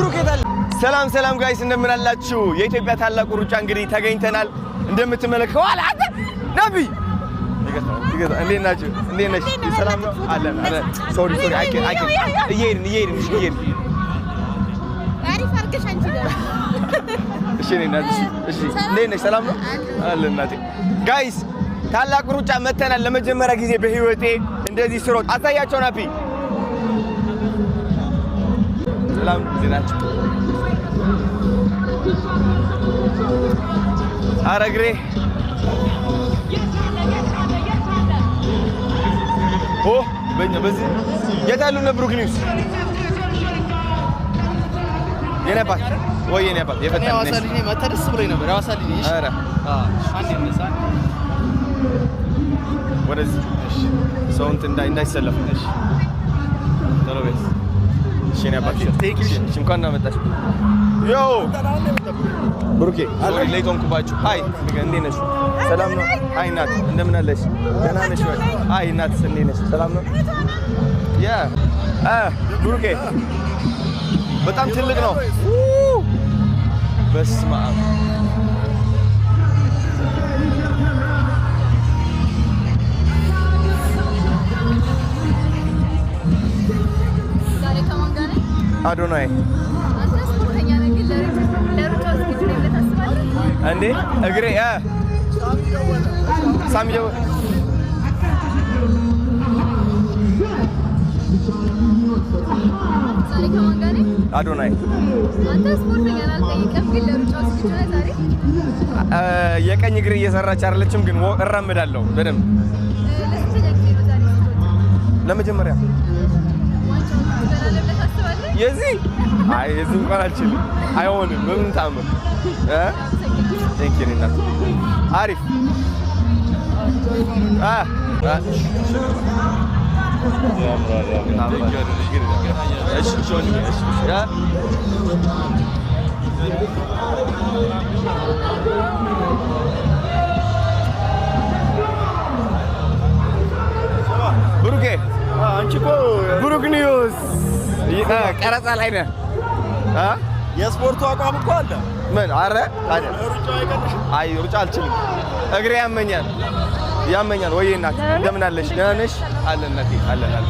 ብሩኬታል ሰላም ሰላም ጋይስ እንደምን አላችሁ? የኢትዮጵያ ታላቁ ሩጫ እንግዲህ ተገኝተናል። እንደምትመለከቱ አለ ነቢ እንዴት ናችሁ? እንዴት ነሽ? ሰላም ነው አለን አለ ሶሪ ሶሪ አይ አይ እየሄድን እየሄድን እየሄድን እሺ እሺ እንዴት ነሽ? ሰላም ነው እናቴ። ጋይስ ታላቁ ሩጫ መተናል ለመጀመሪያ ጊዜ በህይወቴ እንደዚህ ስሮጥ አሳያቸው ናፒ ሰላም ጊዜ ናቸው። እግሬ ኦ በእኛ በዚህ የት አሉ እነ ብሩክ ኒውስ የኔ አባት ወይ የኔ አባት የፈተነ ደስ ብሎኝ ነበር። ወደዚህ ሰው እንዳይሰለፍ ቶሎ ቤት እሺ፣ እንኳን መጣሽ። ያው ብሩኬ ሌት ሆንኩባችሁ። ሀይ፣ እንዴት ነሽ? ሰላም ነው? ሀይ እናት፣ እንደምን አለሽ? ደህና ነሽ? ሀይ እናት፣ እንዴት ነሽ? ሰላም ነው? ያ ብሩኬ ah, በጣም ትልቅ ነው። በስመ አብ አዶናይ እንዴ እግሬ ሳሚ ጀወ አዶናይ የቀኝ እግሬ እየሰራች አይደለችም፣ ግን እራምዳለሁ በደንብ ለመጀመሪያ የዚህ አይ የዚህ እንኳን አልችልም፣ አይሆንም በምን ታምር። ቴንኪን እናት አሪፍ ብሩኬ አንቺ እኮ ብሩክ ኒውስ ቀረጻ ላይ ነህ። የስፖርቱ አቋም እኮ አለ። ምን አረ አይ ሩጫ አልችልም። እግሬ ያመኛል ያመኛል። ወይዬ እናት እንደምን አለሽ? ደህና ነሽ? አለን አለን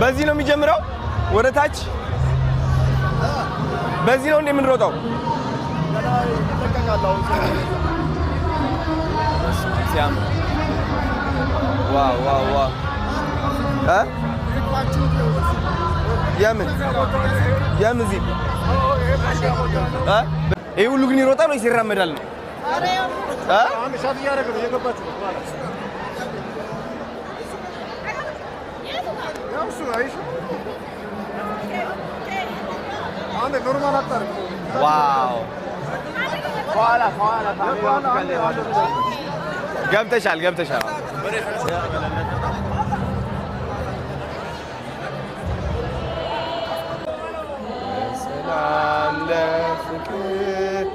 በዚህ ነው የሚጀምረው ወደ ታች። በዚህ ነው እንደምንሮጠው ታውቃለህ? ሲያምር ዋው ዋው ዋው የምን የምን እዚህ ይሄ ሁሉ ግን ይሮጣል ወይስ ይራመዳል ነው? ዋው خوالة خوالة قام تشعل قام تشعل سلام لا حزب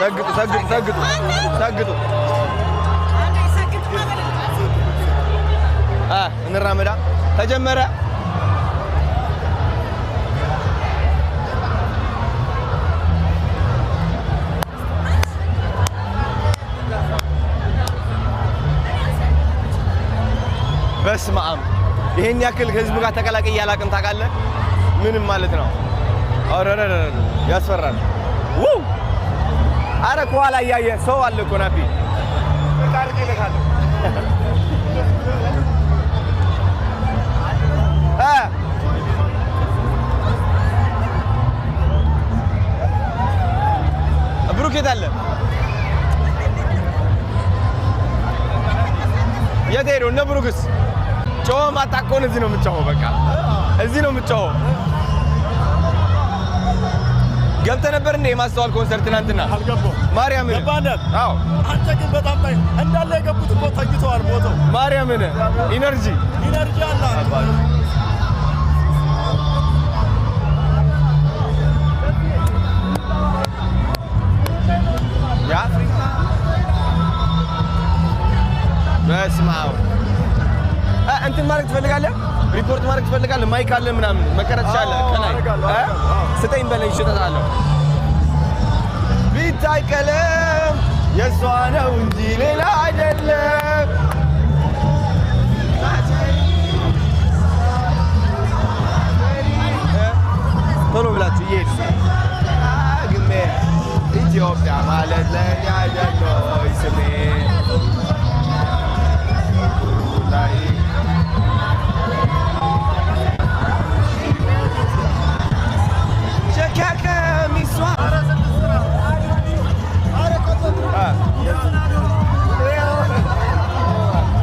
ሰግጡ ሰግጡ ሰግጡ ሰግጡ እንራመዳ ተጀመረ። በስመ አብ ይሄን ያክል ህዝብ ጋር ተቀላቅዬ አላቅም። ታውቃለህ? ምንም ማለት ነው። ኧረ ያስፈራል። አረ ከኋላ እያየ ሰው አለ እኮ ናቢ ብሩክ አለ? የት ሄዶ እነ ብሩክስ? ጮኸም አታውቀውን። እዚህ ነው የምትጮኸው። በቃ እዚህ ነው የምትጮኸው። ገብተህ ነበር እንዴ? የማስተዋል ኮንሰርት ትናንትና አልገባሁም። ማርያምን ገባናል። አዎ አንተ ግን በጣም ታይ እንዳለ የገቡት እኮ ተኝተዋል። ቦታው ማርያምን ኢነርጂ ኢነርጂ አለ በስመ አብ እንትን ማድረግ ትፈልጋለህ? ሪፖርት ማድረግ ትፈልጋለህ? ማይክ አለ ምናምን መቀረጽ ቻለ ከላይ ስጠኝ በለኝ እሸጥልሃለሁ። ቢታይ ቀለም የእሷ ነው እንጂ ሌላ አይደለም። ቶሎ ብላችሁ እየሄዱ ኢትዮጵያ ማለት ለኛ ያለው ስሜ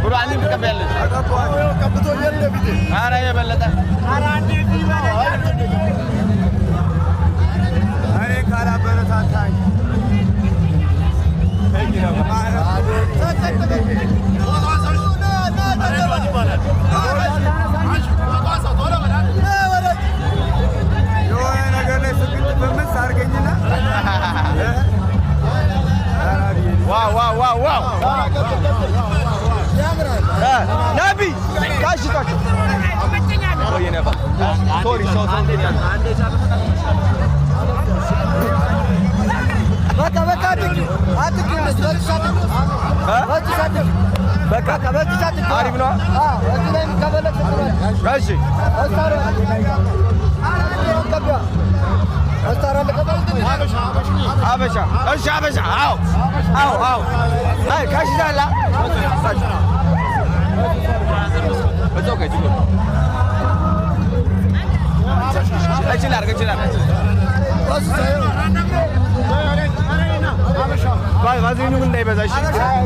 Guru Ali fica belo. Cara aí, belo tá. Cara andi diva. अरे cara बेरो था था। है कि ना? आ रहा है। चल चल चल। ओ ना ना ना ना ना। عارف نوع؟ اه ماشي حبشة امشي حبشة هاو هاو هاو هاي كاش لا بس اوكي جيبوا اجي لارك اجي لارك አባዜኑ እንዳይበዛሽ አብናሽ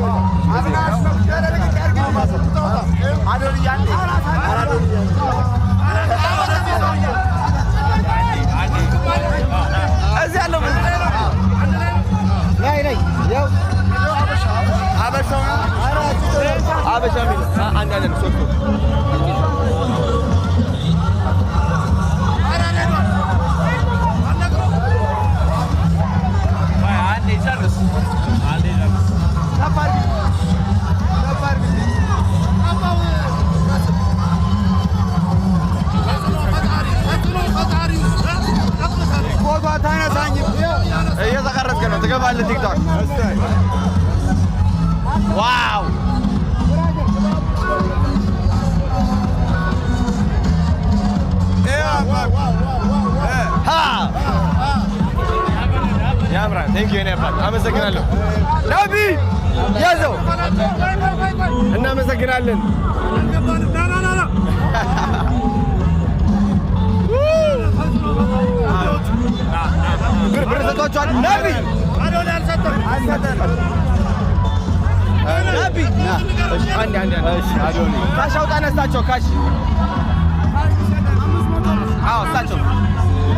ቴንክ ዩ አባት አመሰግናለሁ። ነቢ ያዘው እናመሰግናለን። ብር ሰጥቷቸዋል። ነቢ ካሽ አውጣ ነስታቸው ካሽ አዎ እሳቸው